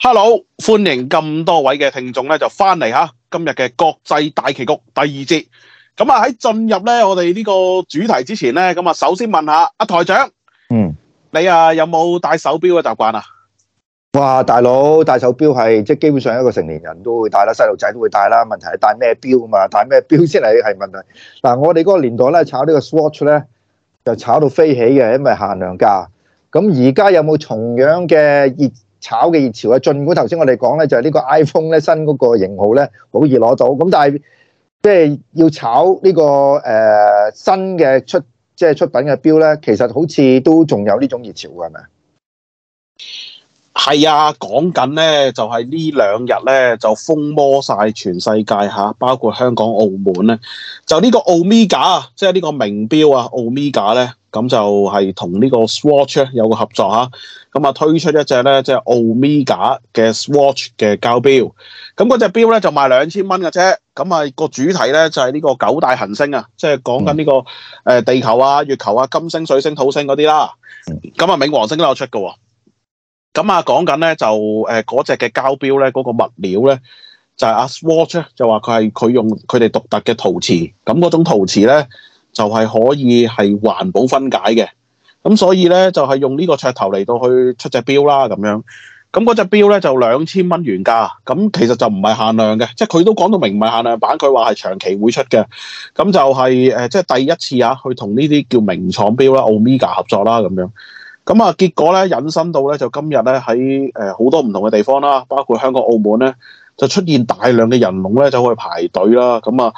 hello，歡迎咁多位嘅聽眾咧，就翻嚟吓今日嘅國際大棋局第二節。咁啊喺進入咧我哋呢個主題之前咧，咁啊首先問下阿台長，嗯，你啊有冇戴手表嘅習慣啊？哇，大佬戴手表係即係基本上一個成年人都會戴啦，細路仔都會戴啦。問題係戴咩表啊嘛，戴咩表先嚟係問題。嗱、啊，我哋嗰個年代咧炒這個呢個 Swatch 咧就炒到飛起嘅，因為限量價。咁而家有冇同樣嘅熱？炒嘅熱潮啊！儘管頭先我哋講咧，就係、是、呢個 iPhone 咧新嗰個型號咧好易攞到，咁但係即係要炒呢、這個誒、呃、新嘅出即係出品嘅表咧，其實好似都仲有呢種熱潮嘅係咪啊？係啊，講緊咧就係、是、呢兩日咧就風魔晒全世界嚇，包括香港、澳門咧，就呢個 Omega 即係呢個名表啊，Omega 咧。咁就係同呢個 Swatch 咧有個合作吓，咁啊推出一隻咧即係歐米茄嘅 Swatch 嘅膠表，咁嗰隻表咧就賣兩千蚊嘅啫，咁啊個主題咧就係呢個九大行星啊，即係講緊呢個誒地球啊、月球啊、金星、水星、土星嗰啲啦，咁啊冥王星都有出嘅，咁啊講緊咧就誒嗰隻嘅膠表咧嗰個物料咧就係阿 Swatch 就話佢係佢用佢哋獨特嘅陶瓷，咁嗰種陶瓷咧。就係可以係環保分解嘅，咁所以咧就係、是、用呢個噱頭嚟到去出隻表啦咁樣，咁嗰隻表咧就兩千蚊原價，咁其實就唔係限量嘅，即係佢都講到明唔係限量版，佢話係長期會出嘅，咁就係、是、誒即係第一次啊，去同呢啲叫名廠表啦，Omega 合作啦咁樣，咁啊結果咧引申到咧就今日咧喺誒好多唔同嘅地方啦，包括香港澳門咧就出現大量嘅人龍咧就去排隊啦，咁啊。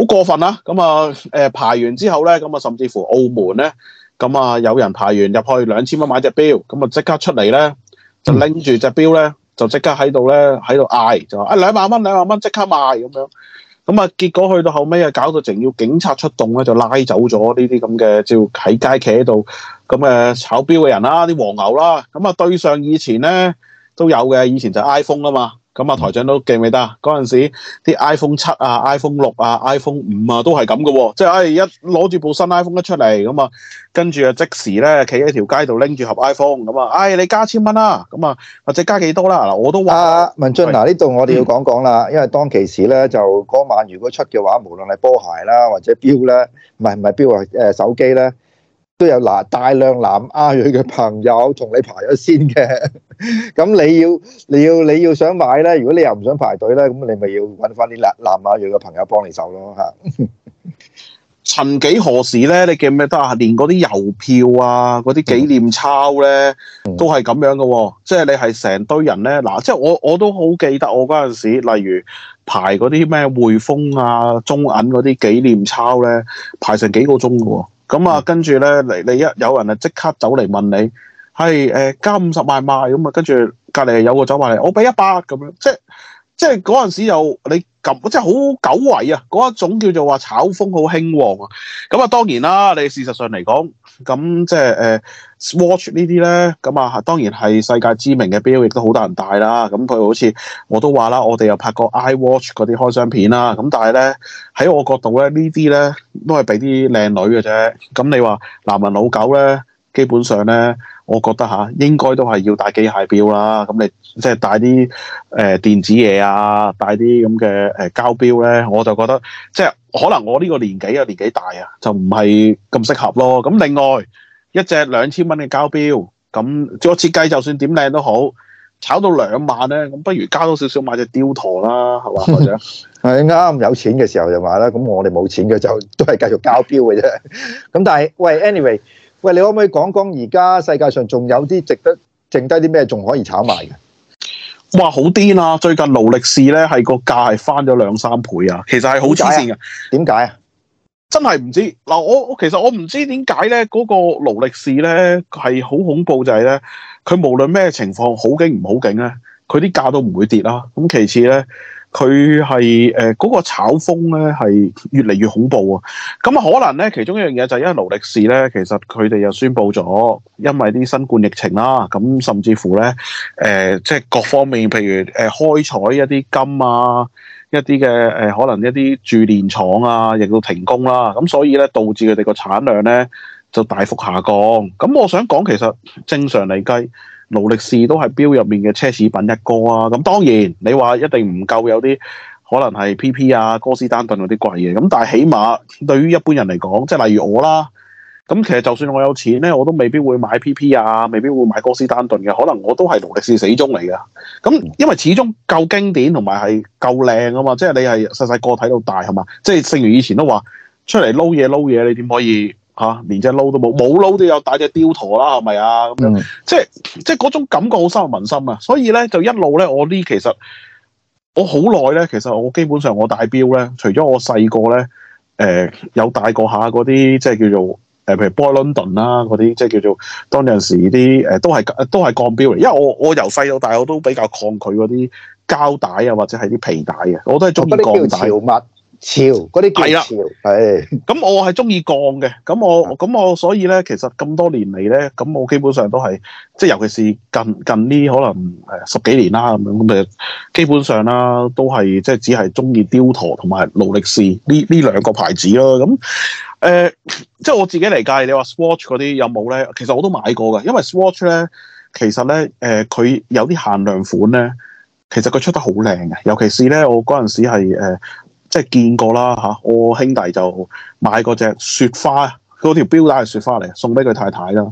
好過分啦！咁啊，誒排完之後咧，咁啊，甚至乎澳門咧，咁啊，有人排完入去兩千蚊買隻表，咁啊，即刻出嚟咧，就拎住隻表咧，就即刻喺度咧，喺度嗌，就話啊兩萬蚊，兩萬蚊即刻賣咁樣，咁啊，結果去到後尾啊，搞到成要警察出動咧，就拉走咗呢啲咁嘅叫喺街企喺度咁嘅炒表嘅人啦，啲黃牛啦，咁啊，對上以前咧都有嘅，以前就係 iPhone 啊嘛。咁啊，嗯、台長都記唔記得啊？嗰陣時啲 iPhone 七啊、iPhone 六啊、iPhone 五啊，都係咁嘅喎。即係誒，一攞住部新 iPhone 一出嚟，咁啊，跟住啊即時咧，企喺條街度拎住盒 iPhone，咁啊，唉，你加千蚊啦，咁啊，或者加幾多啦？嗱，我都話、啊、文俊嗱、啊，呢度是我哋要講講啦，嗯、因為當其時咧，就嗰晚如果出嘅話，無論係波鞋啦，或者表咧，唔係唔係表啊，誒手機咧。都有嗱，大量南亞裔嘅朋友同你排咗先嘅，咁你要你要你要想買咧，如果你又唔想排隊咧，咁你咪要搵翻啲南南亞裔嘅朋友幫你走咯吓。曾幾何時咧，你記唔記得啊？連嗰啲郵票啊，嗰啲紀念鈔咧，嗯、都係咁樣噶、哦，即係、你係成堆人咧。嗱、啊，即係、我我都好記得，我嗰陣時，例如排嗰啲咩匯豐啊、中銀嗰啲紀念鈔咧，排成幾個鐘噶、哦。咁啊，嗯、跟住咧，你你一有人啊，即刻走嚟問你，係誒、呃、加五十萬賣咁啊，跟住隔離有個走埋嚟，我俾一百咁樣，即係。即係嗰陣時又你咁，即係好久違啊！嗰一種叫做話炒風好興旺啊！咁啊當然啦，你事實上嚟講，咁即係誒 Swatch 呢啲咧，咁啊當然係世界知名嘅表亦都好多人戴啦。咁佢好似我都話啦，我哋又拍過 iWatch 嗰啲開箱片啦。咁但係咧喺我角度咧，呢啲咧都係俾啲靚女嘅啫。咁你話男人老狗咧？基本上咧，我覺得嚇應該都係要戴機械錶啦。咁你即係戴啲誒電子嘢啊，戴啲咁嘅誒膠錶咧，我就覺得即係可能我呢個年紀啊，個年紀大啊，就唔係咁適合咯。咁另外一隻兩千蚊嘅膠錶，咁做設計就算點靚都好，炒到兩萬咧，咁不如加多少少買隻雕陀啦，係嘛 或者係啱有錢嘅時候就買啦。咁我哋冇錢嘅就都係繼續膠錶嘅啫。咁 但係喂，anyway。喂，你可唔可以講講而家世界上仲有啲值得剩低啲咩仲可以炒賣嘅？哇，好癲啊！最近勞力士咧係個價係翻咗兩三倍啊，其實係好黐線嘅。點解啊？真係唔知。嗱，我我其實我唔知點解咧，嗰、那個勞力士咧係好恐怖就是呢，就係咧，佢無論咩情況，好景唔好景咧，佢啲價都唔會跌啦，啊。咁其次咧。佢係誒嗰個炒風咧，係越嚟越恐怖啊！咁可能咧，其中一樣嘢就係因為勞力士咧，其實佢哋又宣布咗，因為啲新冠疫情啦，咁甚至乎咧誒，即、呃、係、就是、各方面譬如誒、呃、開採一啲金啊，一啲嘅、呃、可能一啲鑄鍊廠啊，亦都停工啦，咁所以咧導致佢哋個產量咧就大幅下降。咁我想講，其實正常嚟計。勞力士都係錶入面嘅奢侈品一哥啊！咁當然你話一定唔夠有啲可能係 PP 啊、哥斯丹頓嗰啲貴嘢咁，但係起碼對於一般人嚟講，即係例如我啦，咁其實就算我有錢咧，我都未必會買 PP 啊，未必會買哥斯丹頓嘅，可能我都係勞力士死忠嚟噶。咁因為始終夠經典同埋係夠靚啊嘛，即係你係細細個睇到大係嘛，即係正如以前都話出嚟撈嘢撈嘢，你點可以？嚇、啊，連隻撈都冇，冇撈都有戴隻雕陀啦，係咪啊？咁樣、嗯，即係即係嗰種感覺好深入民心啊！所以咧，就一路咧，我呢其實我好耐咧，其實我基本上我戴表咧，除咗我細個咧，誒、呃、有戴過下嗰啲即係叫做誒、呃、譬如 Boy London 啦嗰啲，即係叫做當有陣時啲誒、呃、都係都係鋼表嚟，因為我我由細到大我都比較抗拒嗰啲膠帶啊，或者係啲皮帶嘅，我都係中意鋼帶。啲叫潮超嗰啲係啦，係咁我係中意鋼嘅，咁我咁我所以咧，其實咁多年嚟咧，咁我基本上都係，即係尤其是近近呢可能誒十幾年啦咁樣咁嘅，基本上啦都係即係只係中意雕陀同埋勞力士呢呢兩個牌子咯，咁誒即係我自己嚟計，你話 Swatch 嗰啲有冇咧？其實我都買過嘅，因為 Swatch 咧其實咧誒佢有啲限量款咧，其實佢出得好靚嘅，尤其是咧我嗰陣時係誒。即係見過啦，嚇，我兄弟就買嗰隻雪花，佢嗰條表帶係雪花嚟，送俾佢太太啦。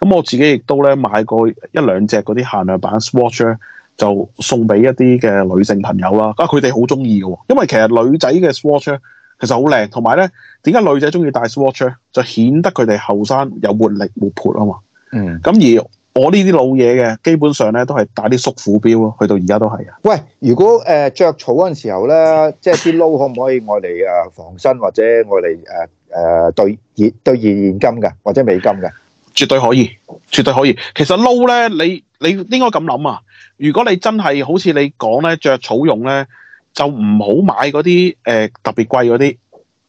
咁我自己亦都咧買過一兩隻嗰啲限量版 swatch，就送俾一啲嘅女性朋友啦。啊，佢哋好中意嘅，因為其實女仔嘅 swatch 其實好靚，同埋咧點解女仔中意戴 swatch 就顯得佢哋後生有活力活潑啊嘛。嗯，咁而。我呢啲老嘢嘅，基本上咧都係帶啲縮虎標咯，去到而家都係啊。喂，如果誒著、呃、草嗰陣時候咧，即係啲撈可唔可以攞嚟誒防身或者攞嚟誒誒兌現兌現現金嘅或者美金嘅？絕對可以，絕對可以。其實撈咧，你你應該咁諗啊。如果你真係好似你講咧着草用咧，就唔好買嗰啲誒特別貴嗰啲，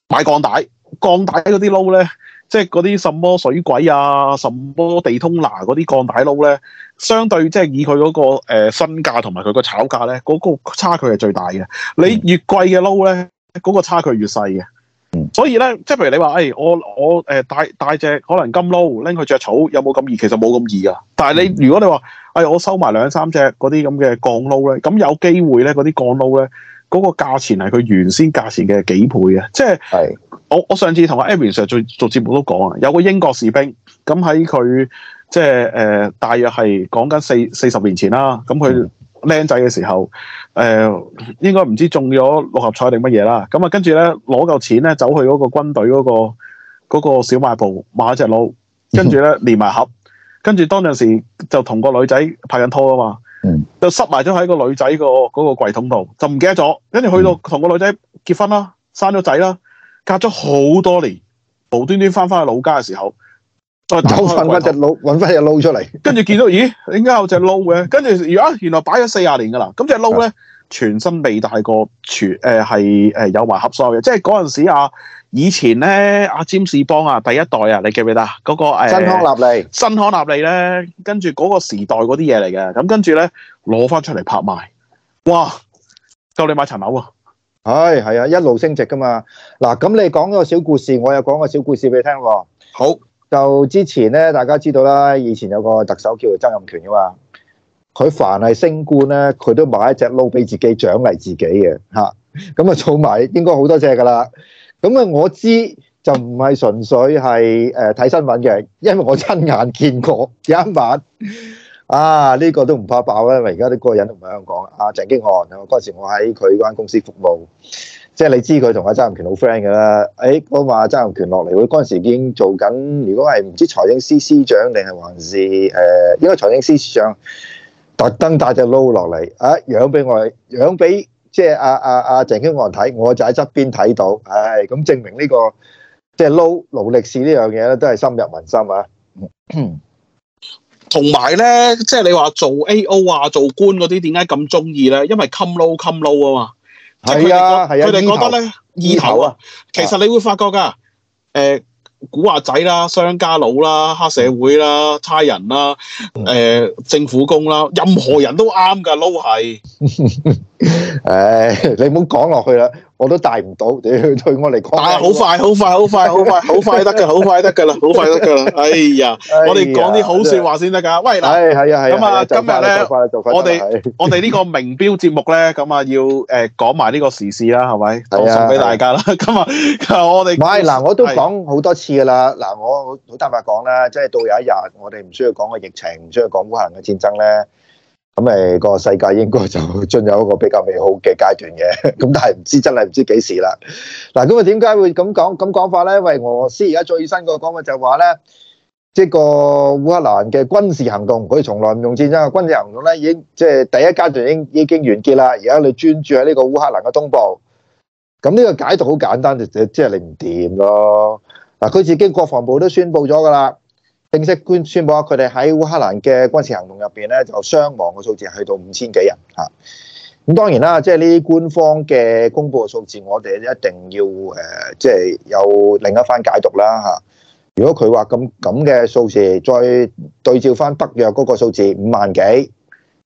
買鋼帶，鋼帶嗰啲撈咧。即係嗰啲什麼水鬼啊，什麼地通拿嗰啲鋼帶撈咧，相對即係以佢嗰、那個誒身、呃、價同埋佢個炒價咧，嗰、那個差距係最大嘅。你越貴嘅撈咧，嗰、那個差距越細嘅。嗯、所以咧，即係譬如你話，誒、哎，我我誒、呃、大大隻可能金撈拎佢着草，有冇咁易？其實冇咁易㗎、啊。但係你、嗯、如果你話，誒、哎，我收埋兩三隻嗰啲咁嘅鋼撈咧，咁有機會咧，嗰啲鋼撈咧，嗰、那個價錢係佢原先價錢嘅幾倍啊！即係係。我我上次同阿 Aaron 成日做做節目都講啊，有個英國士兵咁喺佢即係誒，大約係講緊四四十年前啦。咁佢僆仔嘅時候，誒、呃、應該唔知中咗六合彩定乜嘢啦。咁啊，跟住咧攞夠錢咧，走去嗰個軍隊嗰個嗰個小賣部買隻佬，跟住咧連埋盒，跟住當陣時就同個女仔拍緊拖啊嘛，就塞埋咗喺個女仔嗰個櫃桶度，就唔記得咗。跟住去到同個女仔結婚啦，生咗仔啦。隔咗好多年，無端端翻翻去老家嘅時候，啊，搵翻隻撈，搵翻隻撈出嚟，跟住見到咦，點解有隻撈嘅？跟住啊，原來擺咗四十年噶啦。咁隻撈咧，全身未戴過，全誒係誒有埋盒鎖嘅。即係嗰陣時阿以前咧，阿詹士邦啊，第一代啊，你記唔記得嗰、那個誒？呃、新康納利，新康納利咧，跟住嗰個時代嗰啲嘢嚟嘅。咁跟住咧，攞翻出嚟拍賣，哇，夠你買層樓啊！係，係啊、哎，一路升值噶嘛。嗱，咁你講個小故事，我又講個小故事俾你聽。好，就之前咧，大家知道啦，以前有個特首叫做曾蔭權吖嘛，佢凡係升官咧，佢都買一隻撈俾自己獎勵自己嘅，吓，咁啊，儲埋應該好多隻噶啦。咁啊，我知道就唔係純粹係誒睇新聞嘅，因為我親眼見過，有一晚。 啊！呢個都唔怕爆啦，因為而家啲嗰個人都唔喺香港。阿鄭經翰嗰陣時，我喺佢嗰間公司服務，即係你知佢同阿曾蔭權好 friend 嘅啦。誒，我話曾蔭權落嚟，佢嗰陣時已經做緊，如果係唔知財政司司長定係還是誒，因為財政司司長特登帶隻撈落嚟，啊，樣俾我，樣俾即係阿阿阿鄭經翰睇，我就喺側邊睇到，唉，咁證明呢個即係撈勞力士呢樣嘢咧，都係深入民心啊！ 同埋咧，即係你話做 A.O. 啊，做官嗰啲點解咁中意咧？因為 come low come low 啊嘛，係啊，係啊，佢哋覺得咧，意頭，意頭啊。意頭啊，其實你會發覺㗎，呃，古惑仔啦、商家佬啦、黑社會啦、差人啦、呃嗯、政府工啦，任何人都啱㗎撈係。 唉，你唔好講落去啦，我都帶唔到。你去對我嚟講，帶好快，好快，好快，好快，好快得㗎，好快得㗎啦，好快得㗎啦。哎呀，我哋講啲好說話先得噶。喂，嗱，咁啊，今日咧，我哋我哋呢個名標節目咧，咁啊要誒講埋呢個時事啦，係咪？送俾大家啦。咁啊，我哋唔係嗱，我都講好多次噶啦。嗱，我好坦白講啦，即係到有一日，我哋唔需要講個疫情，唔需要講烏克蘭嘅戰爭咧。咁誒個世界應該就進入一個比較美好嘅階段嘅，咁但係唔知真係唔知幾時啦。嗱，咁啊點解會咁講，咁講法咧？因為俄羅斯而家最新個講法就話咧，即係個烏克蘭嘅軍事行動，佢從來唔用戰爭嘅軍事行動咧，已經即係第一階段已經已經完結啦。而家你專注喺呢個烏克蘭嘅東部，咁呢個解讀好簡單，就即係你唔掂咯。嗱，佢自己國防部都宣佈咗噶啦。正式宣宣布，話佢哋喺烏克蘭嘅軍事行動入邊咧，就傷亡嘅數字係去到五千幾人吓。咁當然啦，即係呢啲官方嘅公布嘅數字，我哋一定要誒、呃，即係有另一番解讀啦吓。如果佢話咁咁嘅數字，再對照翻北約嗰個數字五萬幾，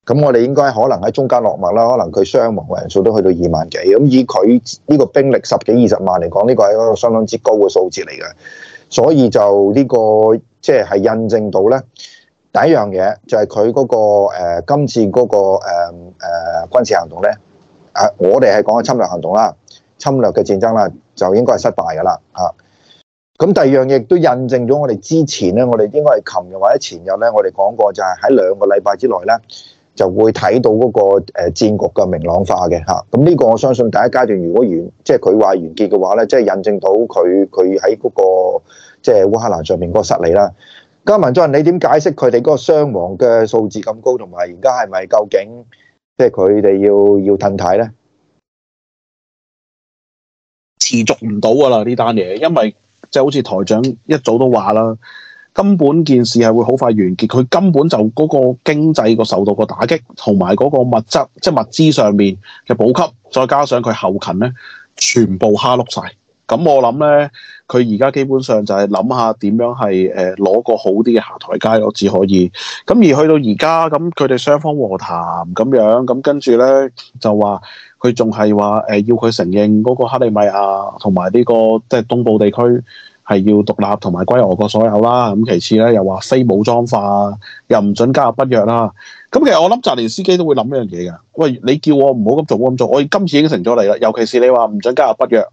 咁我哋應該可能喺中間落墨啦，可能佢傷亡嘅人數都去到二萬幾。咁以佢呢個兵力十幾二十萬嚟講，呢、這個係一個相當之高嘅數字嚟嘅，所以就呢、這個。即係係印證到咧，第一樣嘢就係佢嗰個、呃、今次嗰、個誒誒、呃呃、軍事行動咧，啊我哋係講緊侵略行動啦，侵略嘅戰爭啦，就應該係失敗噶啦啊！咁第二樣嘢都印證咗我哋之前咧，我哋應該係琴日或者前日咧，我哋講過就係喺兩個禮拜之內咧，就會睇到嗰個誒戰局嘅明朗化嘅嚇。咁呢個我相信第一階段如果完，即係佢話完結嘅話咧，即、就、係、係、印證到佢佢喺嗰個。即係烏克蘭上面嗰個失利啦，文進，你點解釋佢哋嗰個傷亡嘅數字咁高，同埋而家係咪究竟即係佢哋要要褪軚咧？持續唔到噶啦呢單嘢，因為就好似台長一早都話啦，根本件事係會好快完結，佢根本就嗰個經濟個受到個打擊，同埋嗰個物質即係物資上面嘅補給，再加上佢後勤咧，全部蝦碌晒。咁我諗呢，佢而家基本上就係諗下點樣係誒攞個好啲嘅下台階落至可以。咁而去到而家，咁佢哋雙方和談咁樣，咁跟住呢，就話佢仲係話誒要佢承認嗰個克里米亞同埋呢個即係東部地區係要獨立同埋歸俄國所有啦。咁其次呢，又話非武裝化，又唔准加入北約啦。咁其實我諗，澤連斯基都會諗一樣嘢嘅。喂，你叫我唔好咁做，唔好咁做，我今次已經承咗你啦。尤其是你話唔准加入北約。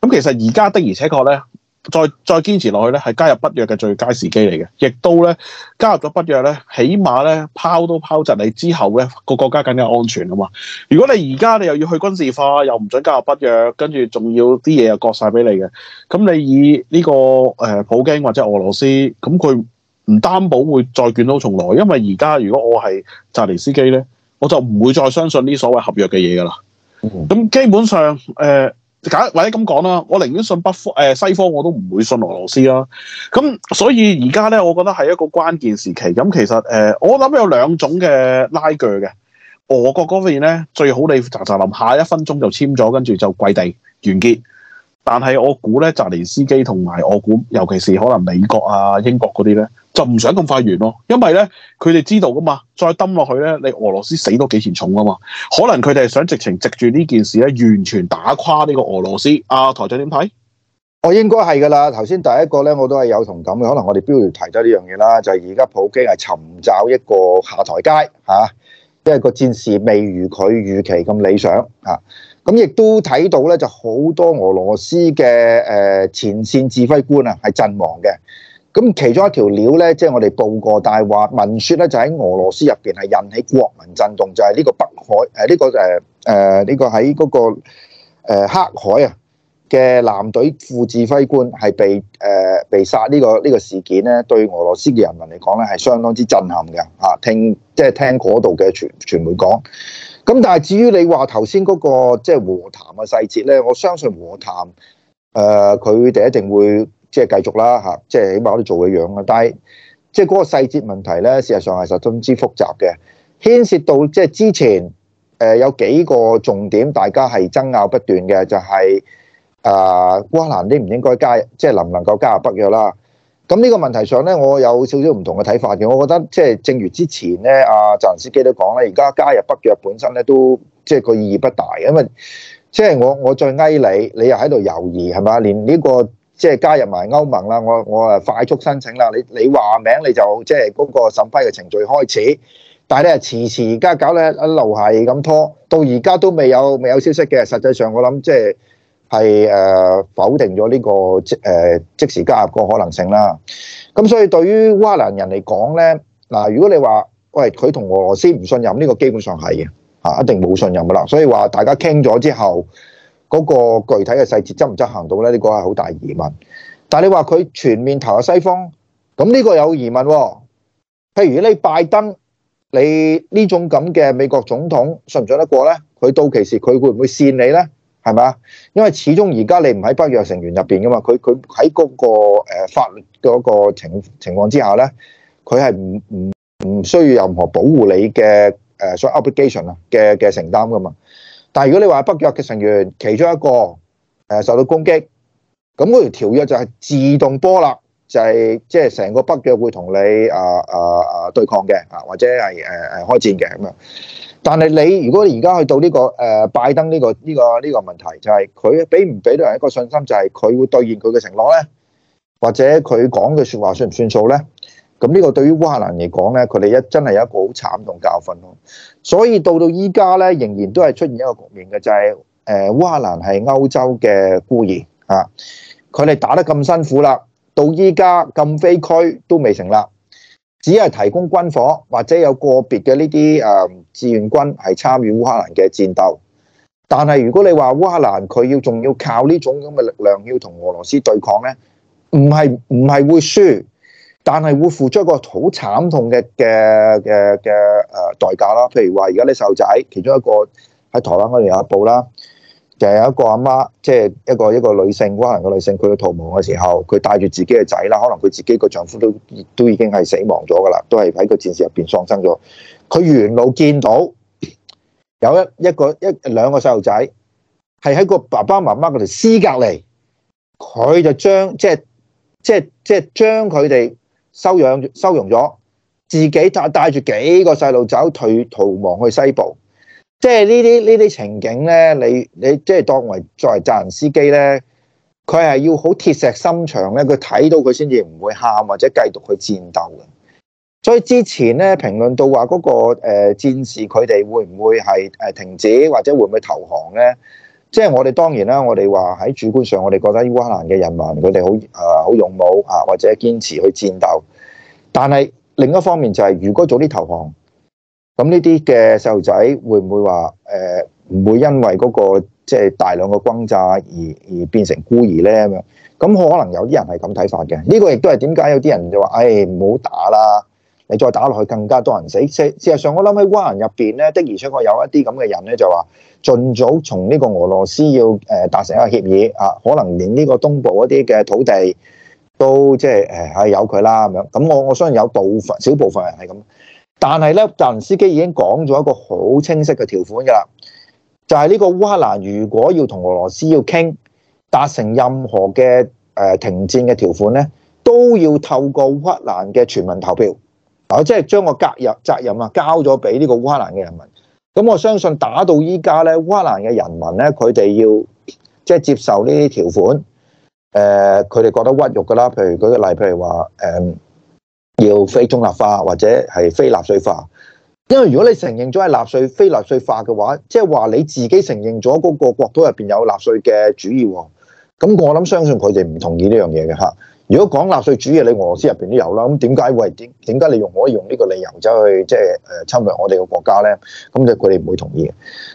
咁其實而家的而且確咧，再再堅持落去咧，係加入北約嘅最佳時機嚟嘅，亦都咧加入咗北約咧，起碼咧拋都拋窒你之後咧個國家更加安全啊嘛！如果你而家你又要去軍事化，又唔准加入北約，跟住仲要啲嘢又割晒俾你嘅，咁你以呢個誒普京或者俄羅斯，咁佢唔擔保會再捲土重來，因為而家如果我係澤連斯基咧，我就唔會再相信呢所謂合約嘅嘢噶啦。咁基本上誒。呃或者咁講啦，我寧願信北方誒西方，我都唔會信俄羅斯啦。咁所以而家咧，我覺得係一個關鍵時期。咁其實誒，我諗有兩種嘅拉鋸嘅，俄國嗰邊咧，最好你扎扎臨下一分鐘就簽咗，跟住就跪地完結。但係我估咧，澤連斯基同埋我估，尤其是可能美國啊、英國嗰啲咧，就唔想咁快完咯，因為咧佢哋知道噶嘛，再抌落去咧，你俄羅斯死多幾錢重啊嘛，可能佢哋係想直情藉住呢件事咧，完全打垮呢個俄羅斯。阿、啊、台長點睇？我應該係噶啦，頭先第一個咧，我都係有同感嘅，可能我哋標題提咗呢樣嘢啦，就係而家普京係尋找一個下台階吓，因、啊、為個戰事未如佢預期咁理想、啊咁亦都睇到咧，就好多俄羅斯嘅誒前線指揮官啊，係陣亡嘅。咁其中一條料咧，即、就、係、是、我哋報過，但係話聞説咧，就喺俄羅斯入邊係引起國民震動，就係呢個北海誒呢、呢個誒誒呢個喺嗰個黑海啊嘅艦隊副指揮官係被誒、呃、被殺呢、呢個呢、呢個事件咧，對俄羅斯嘅人民嚟講咧，係相當之震撼嘅。啊、就是，聽即係聽嗰度嘅傳傳媒講。咁但係至於你話頭先嗰個即係和談嘅細節咧，我相信和談誒佢哋一定會即係繼續啦，即係、就是、起碼都做嘅樣啊。但係即係嗰個細節問題咧，事實上係十分之複雜嘅，牽涉到即係之前誒有幾個重點，大家係爭拗不斷嘅，就係誒烏克蘭應唔應該加入，即、就、係、是、能唔能夠加入北約啦。咁呢個問題上咧，我有少少唔同嘅睇法嘅。我覺得即係正如之前咧，阿澤司機都講啦，而家加入北約本身咧都即係個意義不大，因為即係我我再呃你，你又喺度猶豫係咪？連呢、這個即係、就是、加入埋歐盟啦，我我啊快速申請啦，你你話名你就即係嗰個審批嘅程序開始，但係咧遲遲而家搞咧一路係咁拖，到而家都未有未有消息嘅。實際上我諗即係。係誒否定咗呢個即誒即時加入個可能性啦。咁所以對於烏克蘭人嚟講呢，嗱，如果你話喂，佢同俄羅斯唔信任，呢個基本上係嘅嚇，一定冇信任噶啦。所以話大家傾咗之後，嗰個具體嘅細節執唔執行到呢，呢個係好大疑問。但係你話佢全面投入西方，咁呢個有疑問喎、哦。譬如你拜登，你呢種咁嘅美國總統信唔信得過呢？佢到其時佢會唔會跣你呢？係咪啊？因為始終而家你唔喺北約成員入邊噶嘛，佢佢喺嗰個誒法律嗰個情情況之下咧，佢係唔唔唔需要任何保護你嘅誒所 obligation 啊嘅嘅承擔噶嘛。但係如果你話北約嘅成員其中一個誒受到攻擊，咁嗰條條約就係自動波啦，就係即係成個北約會同你啊啊啊對抗嘅啊，或者係誒誒開戰嘅咁樣。但係你如果而家去到呢個誒拜登呢個呢個呢個問題，就係佢俾唔俾到人一個信心，就係佢會兌現佢嘅承諾呢，或者佢講嘅說話算唔算數呢？咁呢個對於烏克蘭嚟講呢，佢哋一真係有一個好慘痛教訓咯。所以到到依家呢，仍然都係出現一個局面嘅，就係誒烏克蘭係歐洲嘅孤兒啊！佢哋打得咁辛苦啦，到依家禁飛區都未成立。只係提供軍火，或者有個別嘅呢啲誒志願軍係參與烏克蘭嘅戰鬥。但係如果你話烏克蘭佢要仲要靠呢種咁嘅力量要同俄羅斯對抗呢，唔係唔係會輸，但係會付出一個好慘痛嘅嘅嘅嘅誒代價啦。譬如話而家啲細路仔，其中一個喺台灣嗰度有報啦。就有一個阿媽，媽，即係一個一個女性，烏克蘭嘅女性，佢逃亡嘅時候，佢帶住自己嘅仔啦，可能佢自己個丈夫都都已經係死亡咗㗎啦，都係喺個戰事入邊喪生咗。佢沿路見到有一一,一個一兩個細路仔，係喺個爸爸媽媽嗰度屍隔離，佢就將即係即係即係將佢哋收養收容咗，自己帶帶住幾個細路走，退逃亡去西部。即係呢啲呢啲情景咧，你你即係當作為作為責任司機咧，佢係要好鐵石心腸咧，佢睇到佢先至唔會喊或者繼續去戰鬥嘅。所以之前咧評論到話嗰個誒戰士佢哋會唔會係誒停止或者會唔會投降咧？即係我哋當然啦，我哋話喺主觀上我哋覺得烏克蘭嘅人民佢哋好誒好勇武啊，或者堅持去戰鬥。但係另一方面就係如果早啲投降。咁呢啲嘅細路仔會唔會話誒唔會因為嗰個即係大量嘅轟炸而而變成孤兒咧咁樣？咁可能有啲人係咁睇法嘅。呢個亦都係點解有啲人就話，誒唔好打啦，你再打落去更加多人死。事實上，我諗喺灣人入邊咧，的而且確有一啲咁嘅人咧，就話盡早從呢個俄羅斯要誒達成一個協議啊，可能連呢個東部一啲嘅土地都即係誒有佢啦咁樣。咁我我相信有部分少部分人係咁。但係咧，澤連斯基已經講咗一個好清晰嘅條款㗎啦，就係呢個烏克蘭如果要同俄羅斯要傾達成任何嘅誒停戰嘅條款咧，都要透過烏克蘭嘅全民投票，嗱即係將個責任責任啊交咗俾呢個烏克蘭嘅人民。咁我相信打到依家咧，烏克蘭嘅人民咧，佢哋要即係接受呢啲條款，誒佢哋覺得屈辱㗎啦。譬如舉個例，譬如話誒，嗯要非中立化或者係非納粹化，因為如果你承認咗係納粹非納粹化嘅話，即係話你自己承認咗嗰個國土入邊有納粹嘅主義喎，咁我諗相信佢哋唔同意呢樣嘢嘅嚇。如果講納粹主義，你俄羅斯入邊都有啦，咁點解會係點？點解你用可以用呢個理由走去即係誒侵略我哋嘅國家呢？咁就佢哋唔會同意嘅。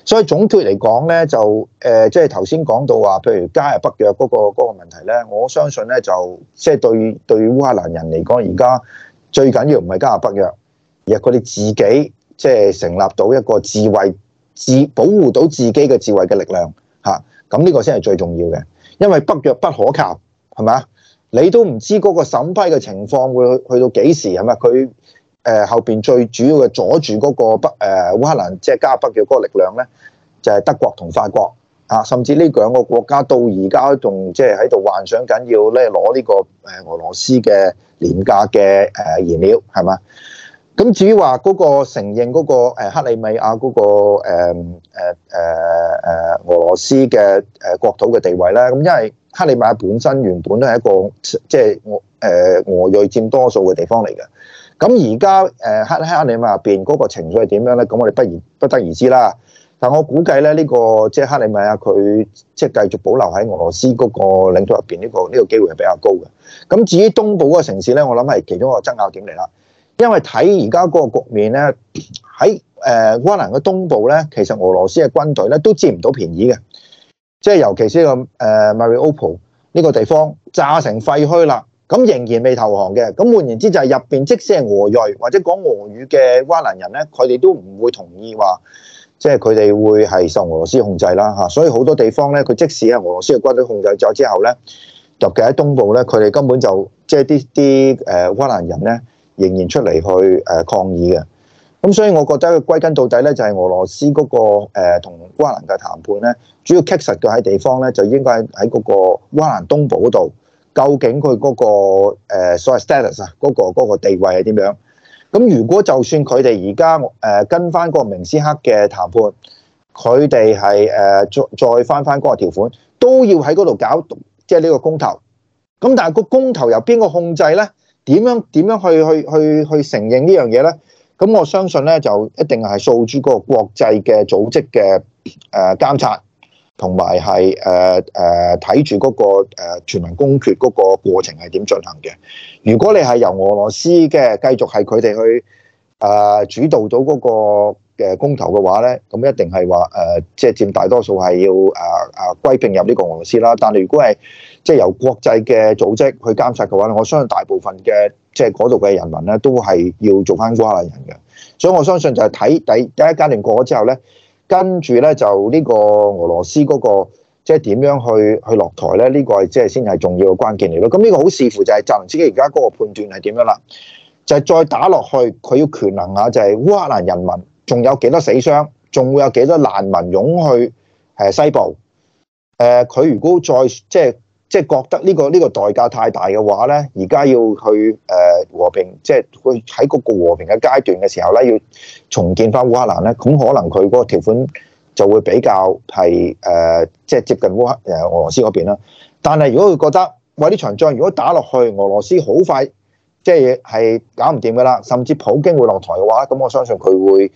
所以總括嚟講呢，就誒即係頭先講到話，譬如加入北約嗰、那個嗰、那個問題咧，我相信呢，就即係、就是、對對烏克蘭人嚟講，而家。最緊要唔係加入北約，而係佢哋自己即係成立到一個自衞、自保護到自己嘅自衞嘅力量嚇。咁呢個先係最重要嘅，因為北約不可靠，係咪啊？你都唔知嗰個審批嘅情況會去到幾時，係咪？佢誒後邊最主要嘅阻住嗰個北誒烏克蘭即係加入北約嗰個力量呢，就係德國同法國啊，甚至呢兩個國家到而家仲即係喺度幻想緊要咧攞呢個誒俄羅斯嘅。廉價嘅誒燃料係嘛？咁至於話嗰個承認嗰個克里米亞嗰、嗰個誒誒誒俄羅斯嘅誒、呃、國土嘅地位咧，咁因為克里米亞本身原本都係一個即係俄誒俄裔佔多數嘅地方嚟嘅。咁而家誒克克里米亞入邊嗰個情緒係點樣咧？咁我哋不而不得而知啦。但我估計咧，呢個即係克里米亞，佢即係繼續保留喺俄羅斯嗰個領土入邊，呢個呢個機會係比較高嘅。咁至於東部嘅城市咧，我諗係其中一個爭拗點嚟啦。因為睇而家嗰個局面咧，喺誒烏蘭嘅東部咧，其實俄羅斯嘅軍隊咧都佔唔到便宜嘅，即係尤其是個誒 Mariupol 呢個地方炸成廢墟啦，咁仍然未投降嘅。咁換言之，就係入邊即使係俄裔或者講俄語嘅烏蘭人咧，佢哋都唔會同意話。即係佢哋會係受俄羅斯控制啦嚇，所以好多地方咧，佢即使係俄羅斯嘅軍隊控制咗之後咧，尤其喺東部咧，佢哋根本就即係啲啲誒烏克蘭人咧，仍然出嚟去誒抗議嘅。咁所以我覺得歸根到底咧，就係俄羅斯嗰個同烏克蘭嘅談判咧，主要棘實嘅喺地方咧，就應該喺喺嗰個烏克蘭東部嗰度。究竟佢嗰個所謂 status 啊，個嗰個地位係點樣？咁如果就算佢哋而家誒跟翻嗰個明斯克嘅談判，佢哋係誒再再翻翻嗰個條款，都要喺嗰度搞即係呢個公投。咁但係個公投由邊個控制咧？點樣點樣去去去去承認這呢樣嘢咧？咁我相信咧就一定係受住嗰個國際嘅組織嘅誒監察。同埋係誒誒，睇住嗰個誒全民公決嗰個過程係點進行嘅。如果你係由俄羅斯嘅，繼續係佢哋去誒主導到嗰個嘅公投嘅話咧，咁一定係話誒，即係佔大多數係要誒誒歸併入呢個俄羅斯啦。但係如果係即係由國際嘅組織去監察嘅話，我相信大部分嘅即係嗰度嘅人民咧，都係要做翻烏克蘭人嘅。所以我相信就係睇第第一階段過咗之後咧。跟住咧就呢個俄羅斯嗰、那個，即係點樣去去落台咧？呢、這個即係先係重要嘅關鍵嚟咯。咁呢個好視乎就係澤連斯基而家嗰個判斷係點樣啦。就係、是、再打落去，佢要權衡下就係烏克蘭人民仲有幾多死傷，仲會有幾多難民湧去誒西部。誒、呃、佢如果再即係。就是即係覺得呢個呢個代價太大嘅話呢，而家要去誒和平，即係去喺嗰個和平嘅階段嘅時候呢，要重建翻烏克蘭呢，咁可能佢嗰個條款就會比較係誒、呃，即係接近烏克誒俄羅斯嗰邊啦。但係如果佢覺得，喂，呢場仗如果打落去，俄羅斯好快即係係搞唔掂噶啦，甚至普京會落台嘅話，咁我相信佢會。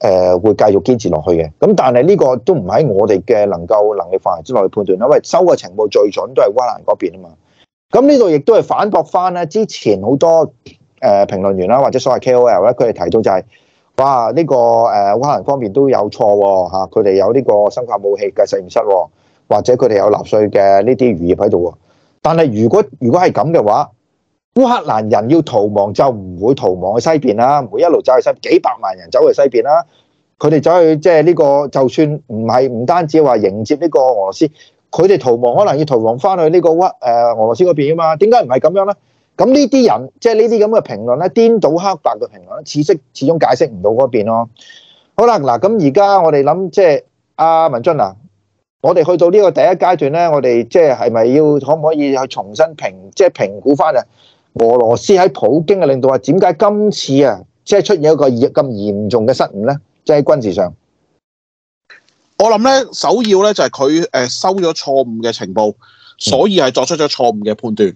誒會繼續堅持落去嘅，咁但係呢個都唔喺我哋嘅能夠能力範圍之內判斷，因為收嘅情報最準都係烏克蘭嗰邊啊嘛，咁呢度亦都係反駁翻咧之前好多誒評論員啦，或者所謂 K O L 咧，佢哋提到就係、是，哇呢、這個誒烏克蘭方面都有錯喎，佢哋有呢個生化武器嘅實驗室、哦，或者佢哋有納粹嘅呢啲餘孽喺度喎，但係如果如果係咁嘅話，烏克蘭人要逃亡就唔會逃亡去西邊啦，唔會一路走去西幾百萬人走去西邊啦。佢哋走去即係呢個，就算唔係唔單止話迎接呢個俄羅斯，佢哋逃亡可能要逃亡翻去呢個屈誒俄羅斯嗰邊啊嘛？點解唔係咁樣咧？咁呢啲人即係呢啲咁嘅評論咧，顛倒黑白嘅評論，始終解釋唔到嗰邊咯。好啦，嗱咁而家我哋諗即係阿文進啊，我哋去到呢個第一階段咧，我哋即係係咪要可唔可以去重新評即係評估翻啊？俄羅斯喺普京嘅領導，點解今次啊，即係出現一個咁嚴重嘅失誤咧，即係軍事上，我諗咧首要咧就係佢誒收咗錯誤嘅情報，所以係作出咗錯誤嘅判斷。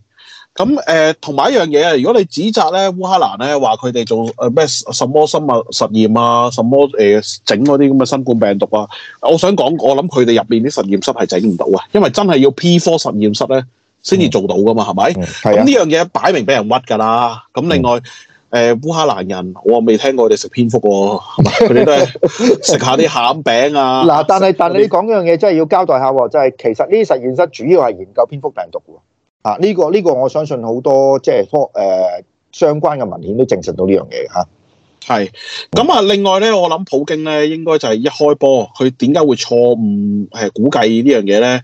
咁誒，同埋一樣嘢啊，如果你指責咧烏克蘭咧話佢哋做誒咩什麼生物實驗啊，什麼誒整嗰啲咁嘅新冠病毒啊，我想講，我諗佢哋入面啲實驗室係整唔到啊，因為真係要 P4 實驗室咧。先至做到噶嘛，係咪、嗯？咁呢吧、嗯啊、樣嘢擺明俾人屈噶啦。咁另外，誒、嗯呃、烏克蘭人，我未聽過佢哋食蝙蝠喎、啊，佢哋 都係食下啲餡餅啊。嗱、嗯，但係但係你講呢樣嘢，真係要交代一下喎，即、就、係、是、其實呢啲實驗室主要係研究蝙蝠病毒喎。啊，呢、這個呢、這個我相信好多即係科誒相關嘅文件都證實到呢樣嘢嘅嚇。係咁啊，啊嗯、另外咧，我諗普京咧應該就係一開波，佢點解會錯誤係、呃、估計呢樣嘢咧？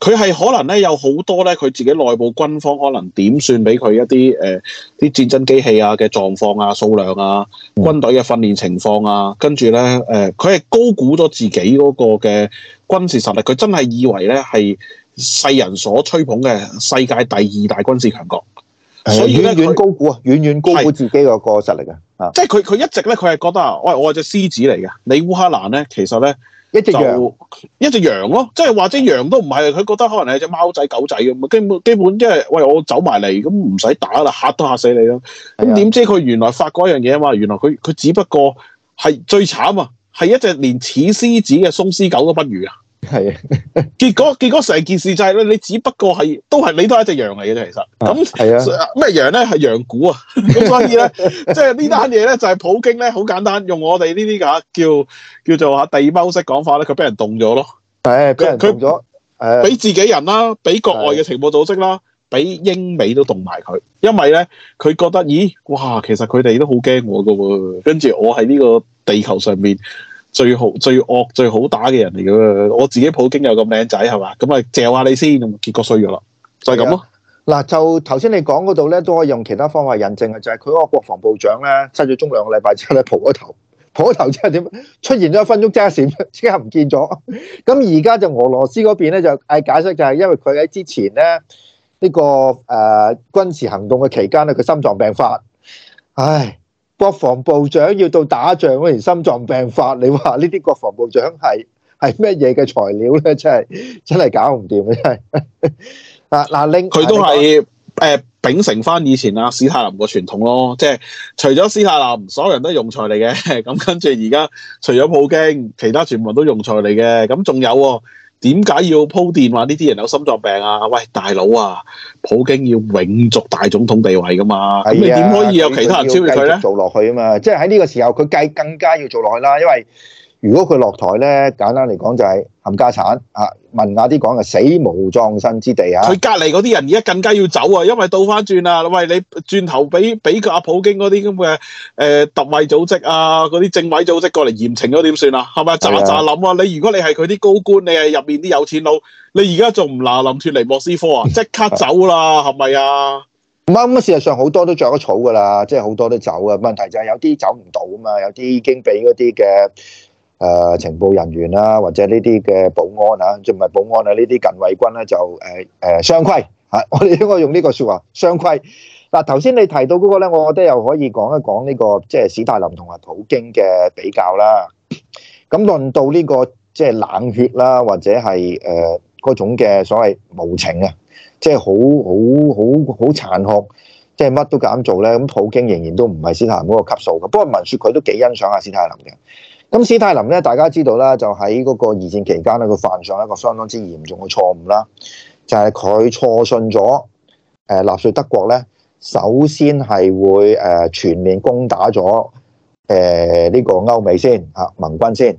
佢係可能咧有好多咧，佢自己內部軍方可能點算俾佢一啲誒啲戰爭機器啊、嘅狀況啊、數量啊、軍隊嘅訓練情況啊，嗯、跟住咧誒，佢、呃、係高估咗自己嗰個嘅軍事實力，佢真係以為咧係世人所吹捧嘅世界第二大軍事強國，所以呢遠遠高估啊，遠遠他高估自己個個實力是啊！即係佢佢一直咧，佢係覺得啊、喂，我係我係隻獅子嚟嘅，你烏克蘭咧，其實咧。一隻羊，一隻羊咯，即係或者羊都唔係，佢覺得可能係隻貓仔、狗仔咁啊，基本基本即係，喂，我走埋嚟，咁唔使打啦，嚇都嚇死你咯。咁點知佢原來發過一樣嘢啊嘛？原來佢佢只不過係最慘啊，係一隻連似獅子嘅鬆獅狗都不如啊！係啊是，結果結果成件事就係、是、咧，你只不過係都係你都係一隻羊嚟嘅啫，其實咁係啊咩羊咧係羊股啊，咁 所以咧即係呢單嘢咧就係、是就是、普京咧好簡單，用我哋呢啲啊叫叫做啊地踎式講法咧，佢俾人凍咗咯，係俾人凍咗，誒俾自己人啦，俾是的 國外嘅情報組織啦，俾是的 英美都凍埋佢，因為咧佢覺得咦哇，其實佢哋都好驚我噶喎，跟住我喺呢個地球上面。最好最惡最好打嘅人嚟嘅，我自己普京又咁靚仔係嘛？咁咪借下你先，咁結果衰咗啦，就係咁咯。嗱，就頭先你講嗰度咧，都可以用其他方法印證嘅，就係佢嗰個國防部長咧，失咗蹤兩個禮拜之後咧，蒲咗頭，蒲咗頭之後點出現咗一分鐘遮線，即刻唔見咗。咁而家就俄羅斯嗰邊咧就誒解釋就係因為佢喺之前咧呢、呢個誒、呃、軍事行動嘅期間咧，佢心臟病發，唉。國防部長要到打仗，而心臟病發，你話呢啲國防部長係係咩嘢嘅材料咧？真係真係搞唔掂嘅。係嗱嗱拎佢都係誒秉承翻以前啊史太林個傳統咯，即係除咗史太林，所有人都庸才嚟嘅。咁跟住而家除咗普京，其他全部人都庸才嚟嘅。咁仲有。點解要鋪墊話呢啲人有心臟病啊？喂，大佬啊，普京要永續大總統地位㗎嘛？咁、啊、你點可以有其他人超越佢做落去啊嘛？即係喺呢個時候，佢計更加要做落去啦，因為，如果佢落台咧，簡單嚟講就係冚家鏟啊！文雅啲講嘅「死無葬身之地」啊！佢隔離嗰啲人而家更加要走啊，因為倒翻轉啦！喂，你轉頭俾俾佢阿普京嗰啲咁嘅誒特委組織啊，嗰啲政委組織過嚟嚴懲咗點算啊？係咪啊？咋咋諗啊？你如果你係佢啲高官，你係入面啲有錢佬，你而家仲唔嗱臨脱離莫斯科啊？即刻走啦，係咪啊？啱嘅，事實上好多都着咗草噶啦，即係好多都走啊。問題就係有啲走唔到啊嘛，有啲已經俾嗰啲嘅。誒、呃、情報人員啦、啊，或者呢啲嘅保安啊，仲唔係保安啊？呢啲近衛軍咧、啊、就誒誒雙規嚇，我哋應該用呢個説話雙規。嗱，頭先你提到嗰個咧，我覺得又可以講一講呢、這個即係、就是、史泰林同埋普京嘅比較啦。咁論到呢、這個即係、就是、冷血啦，或者係誒嗰種嘅所謂無情啊，即係好好好好殘酷，即係乜都敢做咧。咁普京仍然都唔係史泰林嗰個級數嘅。不過文説佢都幾欣賞阿史泰林嘅。咁斯大林咧，大家知道啦，就喺嗰個二戰期間咧，佢犯上一個相當之嚴重嘅錯誤啦，就係佢錯信咗誒納粹德國咧，首先係會誒全面攻打咗誒呢個歐美先啊盟軍先。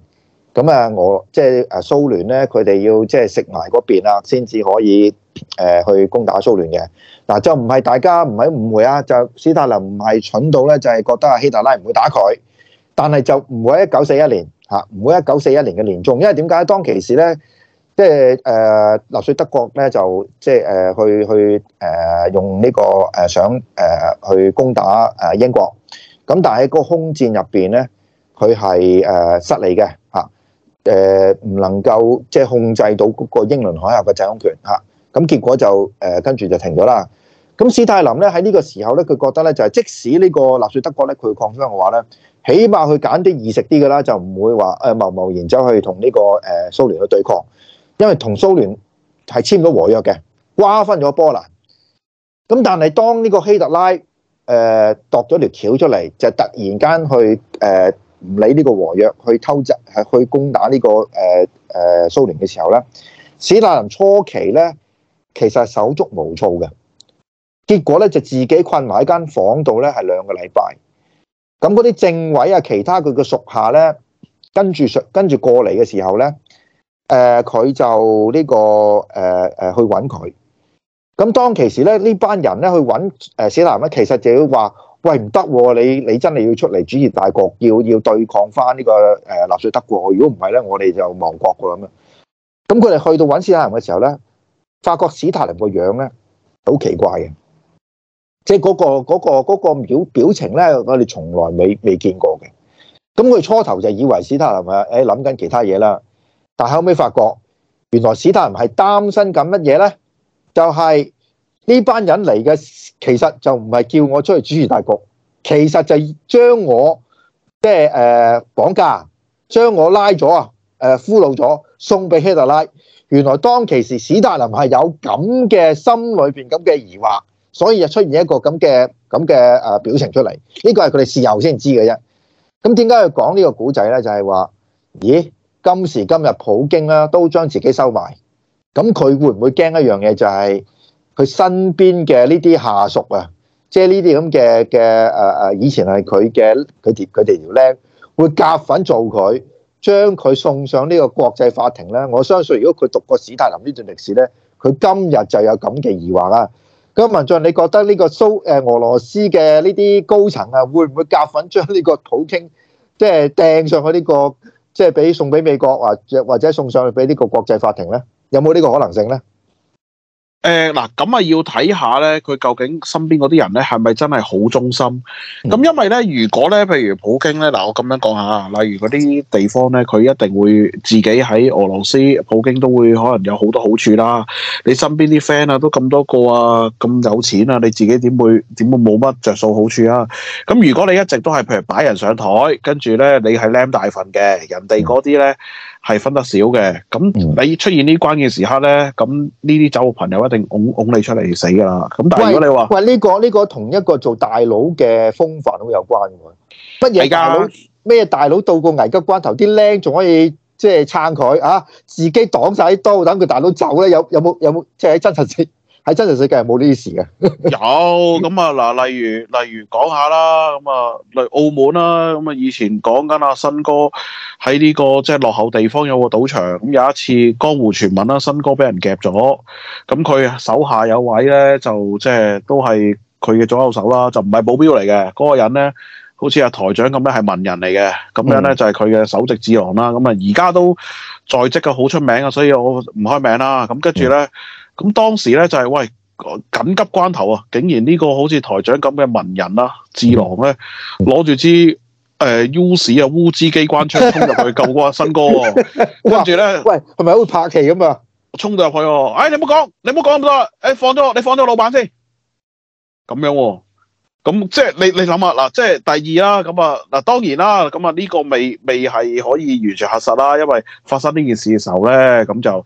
咁啊，我即係誒蘇聯咧，佢哋要即係食埋嗰邊啊，先至可以誒去攻打蘇聯嘅。嗱，就唔係大家唔係誤會啊，就斯大林唔係蠢到咧，就係覺得啊希特拉唔會打佢。但係就唔會喺一九四一年嚇，唔會一九四一年嘅年中，因為點解當其時咧，即係誒納粹德國咧就即係誒去去誒、呃、用呢、這個誒、呃、想誒、呃、去攻打誒英國咁，但係喺個空戰入邊咧，佢係誒失利嘅嚇誒，唔、呃、能夠即係、就是、控制到嗰個英倫海峽嘅制空權嚇咁、啊，結果就誒跟住就停咗啦。咁史泰林咧喺呢在這個時候咧，佢覺得咧就係、是、即使呢個納粹德國咧佢擴張嘅話咧。起碼佢揀啲易食啲嘅啦，就唔會話誒，貿貿然走去同呢、這個誒、呃、蘇聯去對抗，因為同蘇聯係簽咗和約嘅，瓜分咗波蘭。咁但係當呢個希特拉誒度咗條橋出嚟，就突然間去誒唔、呃、理呢個和約，去偷襲係去攻打呢、這個誒誒、呃呃、蘇聯嘅時候咧，史達林初期咧其實手足無措嘅，結果咧就自己困埋喺間房度咧，係兩個禮拜。咁嗰啲政委啊，其他佢嘅屬下咧，跟住跟住過嚟嘅時候咧，佢、呃、就、這個呃、呢個去揾佢。咁當其時咧，呢班人咧去揾史太林咧，其實就要話：喂唔得、啊，你你真係要出嚟主持大局，要要對抗返呢個誒納粹德國。如果唔係咧，我哋就亡國㗎。咁佢哋去到揾史太林嘅時候咧，發覺史太林個樣咧好奇怪嘅。即係嗰個、嗰個、嗰個表表情咧，我哋從來未未見過嘅。咁佢初頭就以為史太林啊，誒諗緊其他嘢啦。但係後尾發覺，原來史太林係擔心緊乜嘢咧？就係呢班人嚟嘅，其實就唔係叫我出去主持大局，其實就將我即係誒綁架，將我拉咗啊，誒、呃、俘虜咗，送俾希特拉。原來當其時，史太林係有咁嘅心裏邊咁嘅疑惑。所以又出現一個咁嘅咁嘅誒表情出嚟，這是他們這個呢個係佢哋事後先知嘅啫。咁點解要講呢個古仔咧？就係、是、話咦，今時今日普京啦，都將自己收埋。咁佢會唔會驚一樣嘢？就係佢身邊嘅呢啲下屬啊，即係呢啲咁嘅嘅誒誒，以前係佢嘅佢哋佢哋條僆會夾份做佢，將佢送上呢個國際法庭咧。我相信如果佢讀過史泰林呢段歷史咧，佢今日就有咁嘅疑惑啦。咁文進，你覺得呢個蘇俄羅斯嘅呢啲高層啊，會唔會夾份將呢個普京掟上去呢、呢個即係、就是、送俾美國、啊、或者送上去俾呢個國際法庭呢？有冇呢個可能性呢？誒，嗱咁啊，要睇下咧，佢究竟身邊嗰啲人咧，係咪真係好忠心？咁、嗯、因為咧，如果咧，譬如普京咧，嗱，我咁樣講下，例如嗰啲地方咧，佢一定會自己喺俄羅斯，普京都會可能有好多好處啦。你身邊啲 friend 啊，都咁多個啊，咁有錢啊，你自己點會點會冇乜着數好處啊？咁如果你一直都係譬如擺人上台，跟住咧，你係攬大份嘅，人哋嗰啲咧。嗯係分得少嘅，咁你出現呢關鍵時刻咧，咁呢啲酒嘅朋友一定拱拱你出嚟死㗎啦。咁但係如果你話喂呢個呢個同一個做大佬嘅風範好有關㗎喎，乜嘢大佬咩？在大佬到過危急關頭，啲僆仲可以即係、就是、撐佢啊，自己擋晒啲刀等佢大佬走咧，有有冇有冇即係喺真實性？喺真實世界冇呢事嘅。 有咁啊嗱，例如例如講下啦，咁啊，例如澳門啦，咁啊以前講緊阿新哥喺呢、這個即係、就是、落後地方有個賭場，咁有一次江湖傳聞啦，新哥俾人夾咗，咁佢手下有位咧就即係、就是、都係佢嘅左右手啦，就唔係保鏢嚟嘅，嗰、那個人咧好似阿台長咁樣係文人嚟嘅，咁樣咧就係佢嘅首席智囊啦，咁啊而家都在職嘅好出名啊，所以我唔開名啦，咁跟住咧。嗯咁當時咧就係、是、喂緊急關頭啊，竟然呢個好似台長咁嘅文人啦、啊、智囊咧，攞住支誒、呃、U 屎啊、烏茲機關槍衝入去救嗰個新哥、啊，跟住咧喂，係咪好拍戲咁啊？衝到入去哦、啊！哎，你唔好講，你唔好講咁多，你、哎、放咗我，你放咗我老闆先。咁樣喎、啊，咁即係你你諗下嗱，即係第二啦、啊，咁啊嗱，當然啦、啊，咁啊呢、這個未未係可以完全核實啦、啊，因為發生呢件事嘅時候咧，咁就。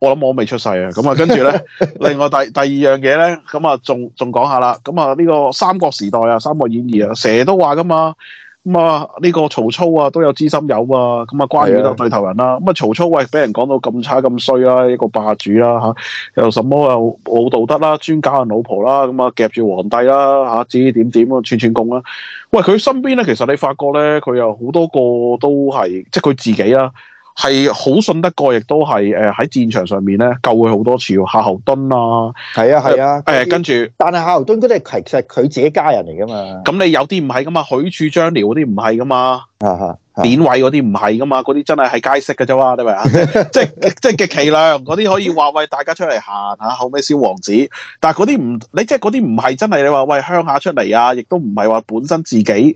我諗我未出世啊，咁啊，跟住咧，另外第第二樣嘢咧，咁啊，仲仲講下啦，咁啊，呢個三國時代啊，《三國演義》啊，成日都話噶嘛，咁啊，呢個曹操啊，都有知心友啊，咁啊，關羽就對頭人啦，咁啊的，曹操喂，俾人講到咁差咁衰啦，一個霸主啦，吓又什麼又冇道德啦，專搞人老婆啦，咁啊，夾住皇帝啦，吓，指指點點啊，串串貢啦，喂，佢身邊咧，其實你發覺咧，佢有好多個都係，即係佢自己啦。係好信得過，亦都係誒喺戰場上面咧，救佢好多次喎，夏侯惇啊，係啊係啊，誒跟住，但係夏侯惇嗰啲係其實佢自己家人嚟噶嘛，咁你有啲唔係噶嘛，許褚張遼嗰啲唔係噶嘛。啊哈，典韋嗰啲唔係噶嘛，嗰啲真係係街式噶啫嘛，你咪 即即即極其量嗰啲可以話喂大家出嚟行吓，後尾小王子，但係嗰啲唔你即係嗰啲唔係真係你話喂鄉下出嚟啊，亦都唔係話本身自己誒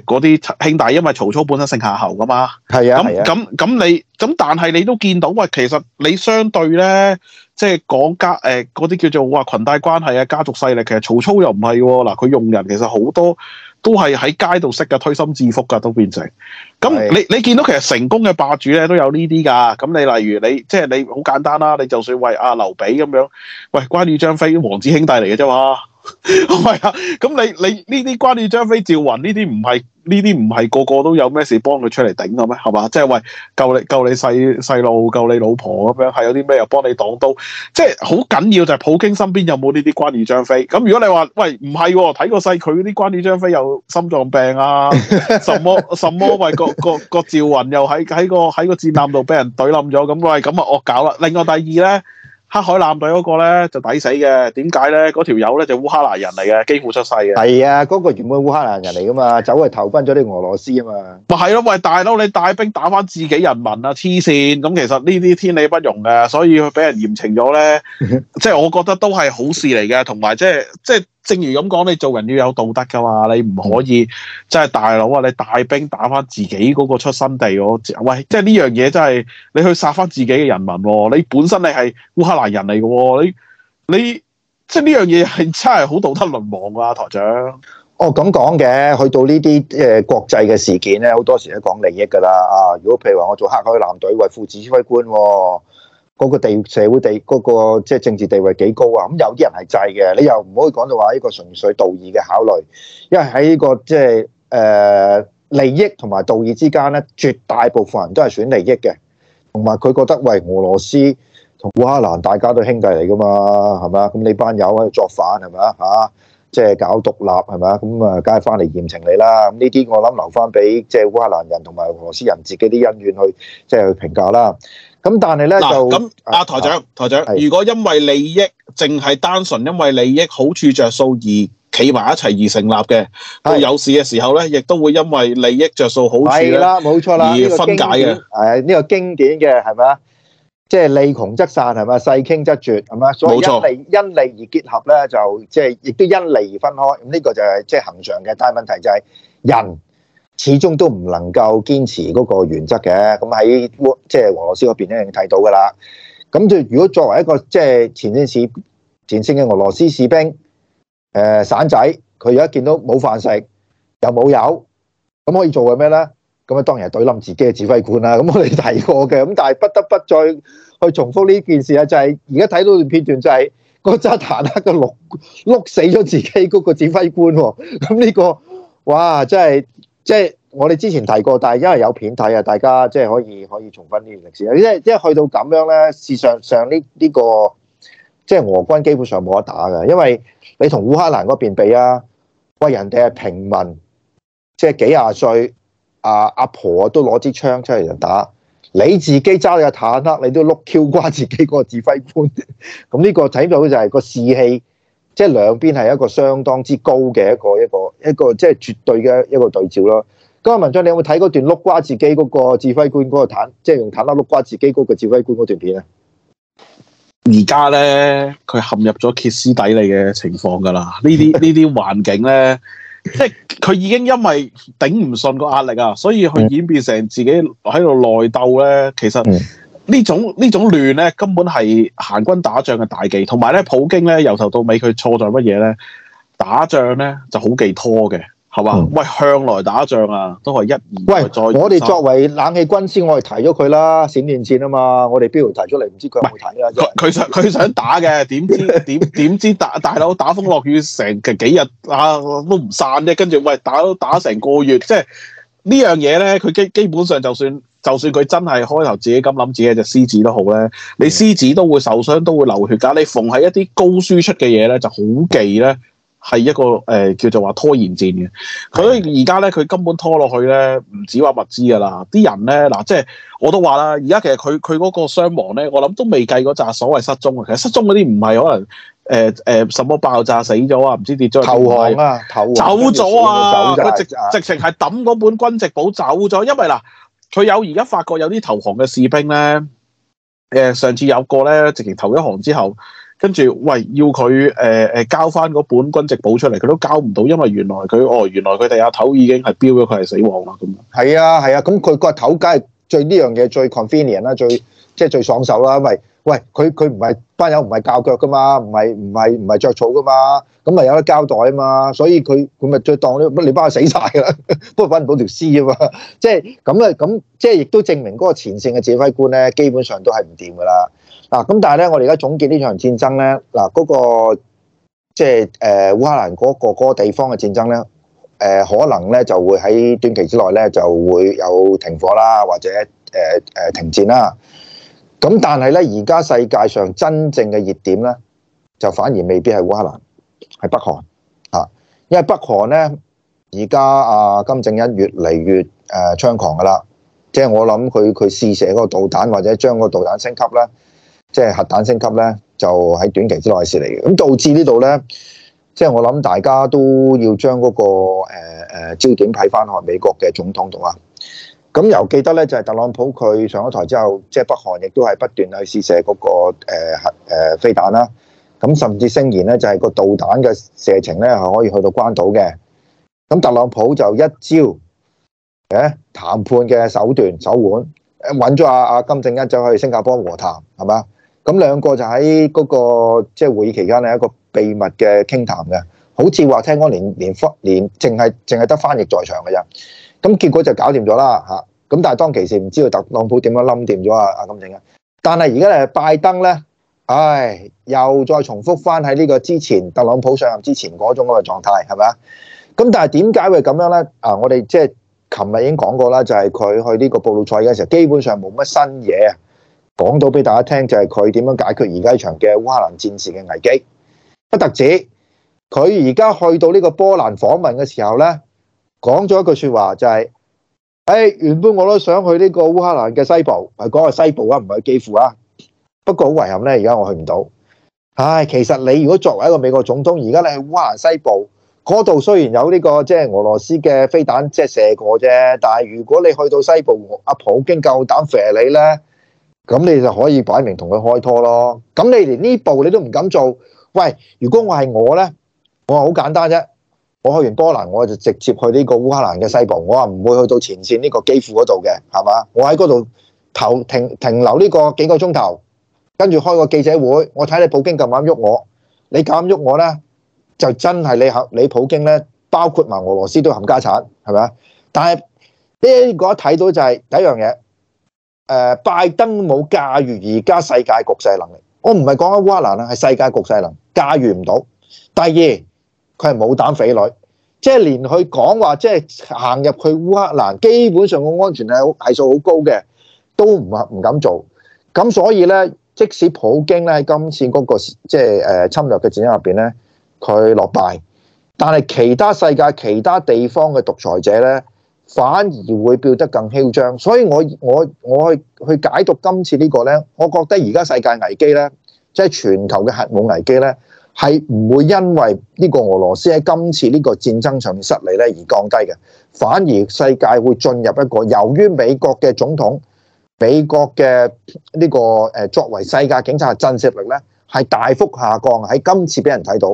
嗰啲兄弟，因為曹操本身姓夏侯噶嘛，係啊，咁咁咁你咁但係你都見到喂，其實你相對咧即係講家誒嗰啲叫做哇、呃，裙帶關係啊，家族勢力，其實曹操又唔係嗱，佢用人其實好多。都係喺街度識嘅，推心置腹噶，都變成咁。你是的 你見到其實成功嘅霸主咧，都有呢啲噶。咁你例如你即係、就是、你好簡單啦，你就算喂阿、啊、劉備咁樣，喂關羽張飛黃子兄弟嚟嘅啫嘛。係 啊，咁你你呢啲關羽張飛趙雲呢啲唔係呢啲唔係個個都有咩事幫佢出嚟頂嘅咩？係嘛，即係喂救你救你細細路，救你老婆咁樣，係有啲咩又幫你擋刀？即係好緊要就係普京身邊有冇呢啲關羽張飛？咁如果你話喂唔係睇個細佢啲關羽張飛有心臟病啊，什麼什麼，什麼喂，個個趙雲個趙雲又喺喺個喺個戰艦度俾人懟冧咗咁喂，咁啊惡搞啦！另外第二咧。黑海艦隊嗰個咧就抵死嘅，點解咧？嗰條友咧就是，烏克蘭人嚟嘅，幾乎出世嘅。係啊，嗰、嗰個原本係烏克蘭人嚟噶嘛，走嚟投奔咗啲俄羅斯啊嘛。咪係咯，喂大佬，你帶兵打翻自己人民啊！黐線咁，其實呢啲天理不容嘅，所以佢俾人嚴懲咗咧，即係 我覺得都係好事嚟嘅，同埋即係即係。就是正如咁講，你做人要有道德噶嘛，你唔可以真係、就是、大佬啊！你帶兵打翻自己嗰個出生地喎，喂，即係呢樣嘢真係你去殺翻自己嘅人民喎！你本身你係烏克蘭人嚟嘅喎，你你即係呢樣嘢係真係好道德淪亡啊！台長，哦咁講嘅，去到呢啲誒國際嘅事件咧，好多時都講利益噶啦啊！如果譬如話我做黑海艦隊為副指揮官喎、哦。嗰個地社會地嗰個即係政治地位幾高啊？咁有啲人係制嘅，你又唔可以講到話一個純粹道義嘅考慮，因為喺呢個即係誒利益同埋道義之間咧，絕大部分人都係選利益嘅，同埋佢覺得喂，俄羅斯同烏克蘭大家都兄弟嚟噶嘛，係咪？咁你班友喺度作反係咪？吓，即係搞獨立係咪？咁啊，梗係翻嚟嚴懲你啦！咁呢啲我諗留翻俾即係烏克蘭人同埋俄羅斯人自己啲恩怨去即係去評價啦。咁但係咧就咁，阿台長，台長，如果因為利益，淨係單純因為利益好處着數而企埋一齊而成立嘅，佢有事嘅時候咧，亦都會因為利益着數好處咧，而分解嘅。係呢個經典嘅，係咪啊？即係利窮則散，係咪啊？勢傾則絕，係咪啊？所以因利，冇錯，因利而結合咧，就即係亦都因利而分開。咁呢個就係即係恆常嘅，但係問題就係人。始終都唔能夠堅持嗰個原則嘅，咁喺即係俄羅斯嗰邊已經睇到噶啦。咁就如果作為一個即係前綫士前綫嘅俄羅斯士兵，誒、呃，散仔，佢而家見到冇飯食，又冇油，咁可以做嘅咩咧？咁啊，當然係懟冧自己嘅指揮官啦。咁我哋提過嘅，咁但係不得不再去重複呢件事啊、就是！就係而家睇到段片段，就是，就係個渣坦克個碌碌死咗自己嗰個指揮官。哦，咁呢，這個哇，真係～即係我哋之前提過，但係因為有片睇啊，大家即係可以可以重溫呢段歷史。因為因為去到咁樣咧，事實上呢、這、呢個即係俄軍基本上冇得打㗎，因為你同烏克蘭嗰邊比啊，喂人哋係平民，即係幾廿歲啊阿婆，婆都攞支槍出嚟就打，你自己揸架坦克你都碌 Q 瓜自己個指揮官，咁 呢個睇到就係個士氣。即係兩邊係一個相當之高嘅一個一個一個即係絕對嘅一個對照咯。咁阿文章，你有冇睇嗰段碌瓜自己嗰個指揮官嗰、那個坦克，即係用坦克碌瓜自己嗰個指揮官嗰段片啊？而家咧，佢陷入咗歇斯底里嘅情況㗎啦。呢啲呢啲環境咧，即係佢已經因為頂唔順個壓力啊，所以佢演變成自己喺度內鬥咧，其實。 呢種呢種亂咧，根本係行軍打仗嘅大忌。同埋咧，普京咧由頭到尾佢錯在乜嘢咧？打仗咧就好忌拖嘅，係嘛？嗯、喂，向來打仗啊，都係一而喂再。我哋作為冷氣軍師，我哋提咗佢啦，閃電戰啊嘛。我哋邊度提出嚟，唔知佢有冇睇啊？佢想佢想打嘅，點知點點 知大大佬打風落雨成幾日啊都唔散啫。跟住喂，打打成個月，即係呢樣嘢咧，佢基基本上就算。就算佢真係開頭自己咁諗，自己係隻獅子都好咧，你獅子都會受傷，都會流血㗎。你逢喺一啲高輸出嘅嘢咧，就好忌咧，係一個、呃、叫做話拖延戰嘅。佢而家咧，佢根本拖落去咧，唔止話物資㗎啦，啲人咧嗱，即係我都話啦，而家其實佢佢嗰個傷亡咧，我諗都未計嗰扎所謂失蹤。其實失蹤嗰啲唔係可能誒、呃呃、什麼爆炸死咗啊，唔知跌咗去投降啊走咗啊，就是、直情係抌嗰本軍籍簿走咗，因為嗱。啊佢有而家發覺有啲投降嘅士兵咧、呃，上次有個咧，直情投一行之後，跟住喂要佢、呃、交翻嗰本軍籍簿出嚟，佢都交唔到，因為原來佢哦，原來佢哋阿頭已經係標咗佢係死亡啦咁。係啊係啊，咁佢個頭梗係最呢樣嘢最 convenient 啦，最即係、就是、最爽手啦，因為。喂，佢佢唔係班友唔係教腳噶嘛，唔係唔係唔係著草噶嘛，咁咪有得交代啊嘛，所以佢佢咪再當你乜你班死曬啊，都揾唔到條屍啊嘛，就是、即係咁啊咁即係亦都證明嗰個前線嘅指揮官咧，基本上都係唔掂噶啦嗱，咁、啊、但係咧，我哋而家總結呢場戰爭咧嗱，嗰、嗰個即係誒烏克蘭嗰、嗰個嗰個地方嘅戰爭咧，誒、呃、可能咧就會喺短期之內咧就會有停火啦，或者誒誒、呃呃、停戰啦。咁但係咧，而家世界上真正嘅熱點咧，就反而未必係烏克蘭，係北韓嚇。因為北韓咧，而家啊金正恩越嚟越誒猖狂噶啦，即係我諗佢佢試射嗰個導彈或者將個導彈升級咧，即係核彈升級咧，就喺短期之內嘅事嚟嘅。咁導致呢度咧，即係我諗大家都要將嗰個誒焦點睇翻去美國嘅總統度啊。咁又記得咧，就係特朗普佢上咗台之後，即係北韓亦都係不斷去試射嗰個誒誒飛彈啦。咁甚至聲言咧，就係個導彈嘅射程咧，係可以去到關島嘅。咁特朗普就一招誒談判嘅手段手腕，揾咗阿阿金正恩走去新加坡和談，係嘛？咁兩個就喺嗰個即係會議期間咧，一個秘密嘅傾談嘅，好似話聽講連連翻連淨係淨係得翻譯在場嘅人。咁結果就搞掂咗啦吓，咁但係當其時唔知道特朗普點樣冧掂咗啊咁金正恩，但係而家誒拜登咧，唉又再重複翻喺呢個之前特朗普上任之前嗰種嗰個狀態係咪啊？咁但係點解會咁樣咧？啊，我哋即係琴日已經講過啦，就係、是、佢去呢個布魯塞爾嘅時候，基本上冇乜新嘢，講到俾大家聽就係佢點樣解決而家一場嘅烏克蘭戰事嘅危機，不特止佢而家去到呢個波蘭訪問嘅時候咧。講咗一句說話就係，誒，原本我都想去呢個烏克蘭嘅西部，係講西部啊，唔係基輔啊。不過好遺憾咧，而家我去唔到。唉，其實你如果作為一個美國總統，而家你去烏克蘭西部，嗰度雖然有呢個即係俄羅斯嘅飛彈即係射過啫，但係如果你去到西部，阿普京夠膽射你咧，咁你就可以擺明同佢開拖咯。咁你連呢步你都唔敢做，喂，如果我係我咧，我話好簡單啫。我去完波蘭，我就直接去呢個烏克蘭嘅西部，我話唔會去到前線呢個基庫嗰度嘅，係嘛？我喺嗰度停停留呢個幾個鐘頭，跟住開個記者會，我睇你普京咁啱喐我，你敢喐我呢，就真係你合你普京呢，包括埋俄羅斯都冚家鏟，係咪？但係呢個睇到就係、是、第一樣嘢，呃，拜登冇駕馭而家世界局勢能力，我唔係講緊烏克蘭啊，係世界局勢能力駕馭唔到。第二。佢係冇膽匪類，即係連佢講話，即係行入去烏克蘭，基本上個安全係係數好高嘅，都唔唔敢做。咁所以呢，即使普京呢今次嗰個即係誒侵略嘅戰爭入邊呢，佢落敗，但係其他世界其他地方嘅獨裁者呢，反而會變得更囂張。所以我，我我我去去解讀今次呢個呢，我覺得而家世界危機呢，即係全球嘅核武危機呢。係唔會因為呢個俄羅斯喺今次呢個戰爭上面失利咧而降低嘅，反而世界會進入一個由於美國嘅總統、美國嘅呢個誒作為世界警察嘅震懾力咧係大幅下降，喺今次俾人睇到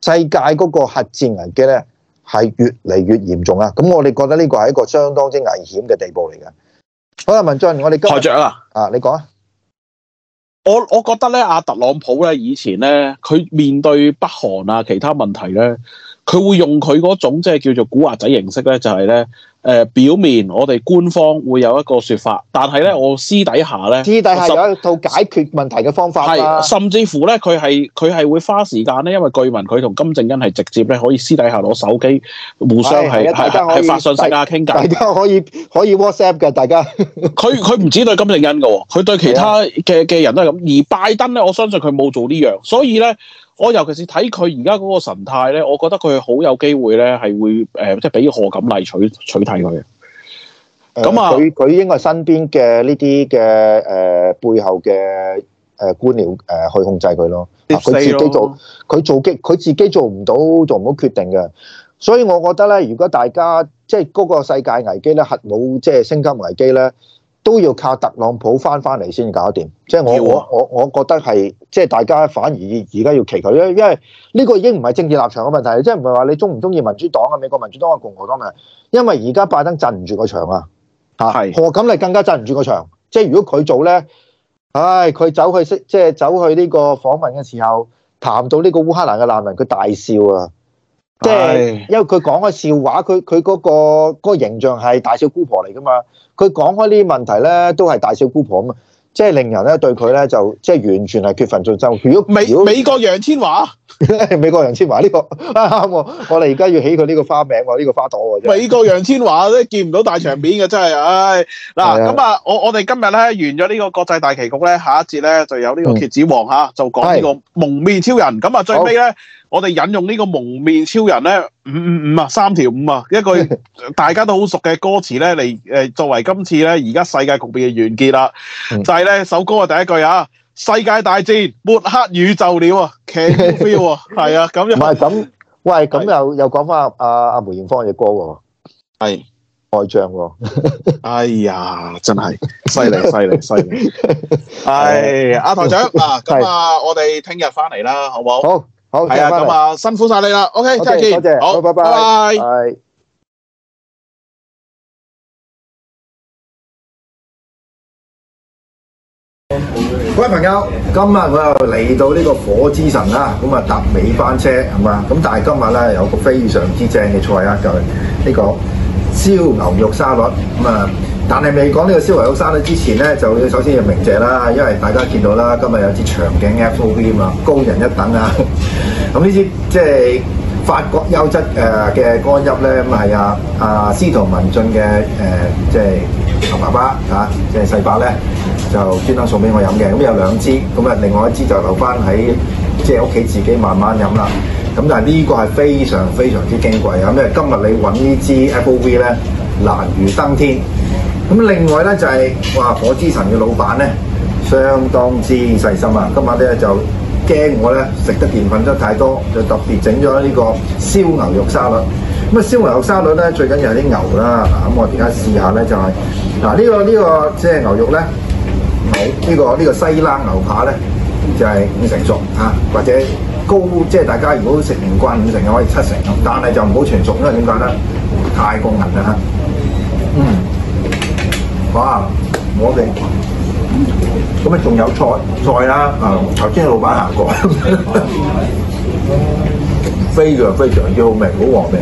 世界嗰個核戰危機咧係越嚟越嚴重啊！咁我哋覺得呢個係一個相當之危險嘅地步嚟嘅。好啦，文進，我哋開台長啊，你講啊。我我覺得呢，阿特朗普呢以前呢，佢面對北韓啊其他問題呢。佢會用佢嗰種即係叫做古惑仔形式咧，就係、是、咧，誒、呃，表面我哋官方會有一個說法，但係咧，我私底下咧，私底下有一套解決問題嘅方法係、啊，甚至乎咧，佢係佢係會花時間咧，因為據聞佢同金正恩係直接咧可以私底下攞手機互相係係發信息啊，傾偈。大家可以可以 WhatsApp 嘅，大家。佢佢唔止對金正恩嘅，佢對其他嘅嘅人都係咁。而拜登咧，我相信佢冇做呢樣，所以咧。我尤其是睇佢而家嗰個神態咧，我覺得佢好有機會咧，係會誒，即係俾賀錦麗取取替佢嘅。咁、呃、啊，佢佢應該係身邊嘅呢啲嘅誒背後嘅誒官僚誒去控制佢咯。佢自己做，佢做基，佢自己做唔到做唔到決定嘅。所以，我覺得咧，如果大家即係嗰個世界危機咧，核武即係升級危機咧。都要靠特朗普翻翻嚟先搞掂，即係我、啊、我我我覺得係即係大家反而而家要祈求，因因為呢個已經唔係政治立場嘅問題，即係唔係話你中唔中意民主黨嘅美國民主黨嘅共和黨嘅，因為而家拜登鎮唔住個場啊，嚇是賀錦麗更加鎮唔住個場，即係如果佢做咧，唉，佢走去識即係走去呢個訪問嘅時候，談到呢個烏克蘭嘅難民，佢大笑啊，是即係因為佢講個笑話，佢佢嗰個形象係大笑姑婆嚟㗎嘛。佢講開呢啲問題咧，都係大笑姑婆啊嘛，即係令人咧對佢咧就即係完全係缺乏信心。如果美美國楊千嬅，美國楊千嬅呢個 我哋而家要起佢呢個花名喎，呢、這個花朵喎、啊。美國楊千嬅咧見唔到大場面嘅真係，唉嗱咁啊！啊是的 我我哋今日咧完咗呢個國際大棋局咧，下一節咧就有呢個蠍子王嚇、啊，就講呢個蒙面超人咁啊，是的 最尾咧。我哋引用呢個蒙面超人咧，五五五啊三條五啊一句大家都好熟嘅歌詞咧嚟，誒作為今次咧而家世界局面嘅完結啦，就係咧首歌啊第一句啊世界大戰抹黑宇宙了啊騎虎飛係啊，咁又唔係咁，喂，咁又又講翻阿阿阿梅艷芳嘅歌係愛將，哎呀真係犀利犀利犀利，係阿台長，嗱，咁啊我哋聽日翻嚟啦好唔好？好好係 Okay, 啊，咁辛苦晒你啦，OK，多謝 Okay,，thank you. 好，拜拜，拜拜。各位朋友，今日我又嚟到呢個火之神啦，咁啊搭尾班車，係嘛，咁但係今日呢有一個非常之正嘅菜啊，就呢、是這個。燒牛肉沙律咁啊，嗯！但係未講呢個燒牛肉沙律之前咧，就要首先要鳴謝啦，因為大家見到啦，今日有支長頸 F.O.V. 嘛，高人一等啊！咁呢支即係法國優質誒嘅乾邑咧，咁、呃、係啊啊，司徒文進嘅誒、呃、即係。同爸爸嚇、啊，即係世伯咧，就專登送俾我飲嘅。咁、嗯、有兩支，咁、嗯、啊，另外一支就留翻喺即係屋企自己慢慢飲啦。咁、嗯、但係呢個係非常非常之矜貴，因、嗯、為今日你揾呢支 F O V 咧，難如登天。咁、嗯、另外咧就係、是、哇，火之神嘅老闆咧，相當之細心啊。今晚咧就驚我咧食得澱粉質太多，就特別整咗呢個燒牛肉沙律。咁燒牛肉沙律咧，最緊要係啲牛啦。咁、啊啊、我而家試下咧，就係呢個呢個即係牛肉牛呢呢個西冷牛扒呢，就係、就係、五成熟、啊、或者高即係、就係、大家如果食唔慣五成熟，可以七成，但係就唔好全熟，因為點解咧？太過硬啦，嗯，哇！我哋咁啊，仲有菜菜啦。頭、啊、先老闆行過呵呵、嗯非，非常非常要命，好黃命。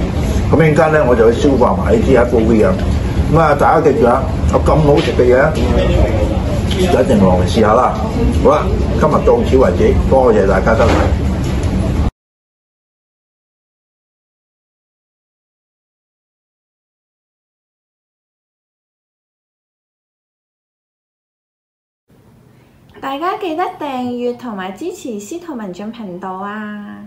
咁陣間咧，會我就去消化埋呢支 f 高威啊！咁啊，大家記住啊，有咁好食嘅嘢，一定落嚟試下啦！好啦，今日到此為止，多謝大家收睇。大家記得訂閱同埋支持司徒文進頻道啊！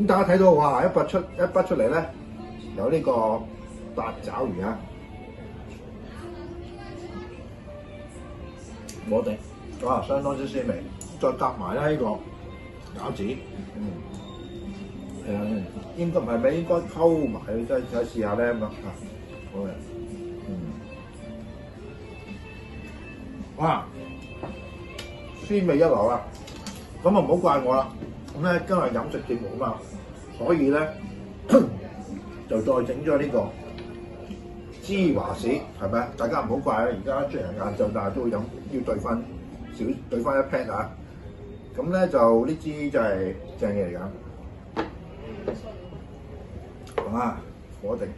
咁大家睇到哇，一筆出來一筆出嚟咧，有呢個八爪魚啊，我哋哇，相當之鮮味，再夾埋咧呢個餃子，嗯，係啊的、嗯，應該唔係咪？應該溝埋，再想試一下咧咁啊，好嘅，嗯，哇，鮮味一流啦，咁啊唔好怪我啦。咁咧今日飲食節目啊嘛，所以咧就再整咗呢個芝華士，係咪大家唔好怪啊！而家出嚟晏晝，但係都會飲，要兌翻少，兌翻一瓶啊！咁咧就呢支就係正嘢嚟㗎，係嘛？火定。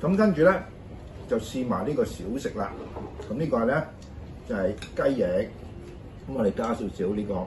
咁跟住咧就試埋呢個小食啦。咁呢個咧就係、係、雞翼，咁我哋加少少呢、呢個。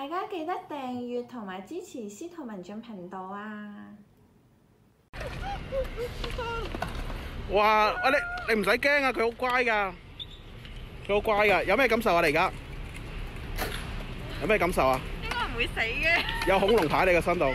大家記得訂閱同埋支持司徒文進頻道啊！哇，啊你你唔使驚啊，佢好乖噶，佢好乖噶，有咩感受啊？你而家有咩感受啊？應該唔會死嘅。有恐龍喺你個身度。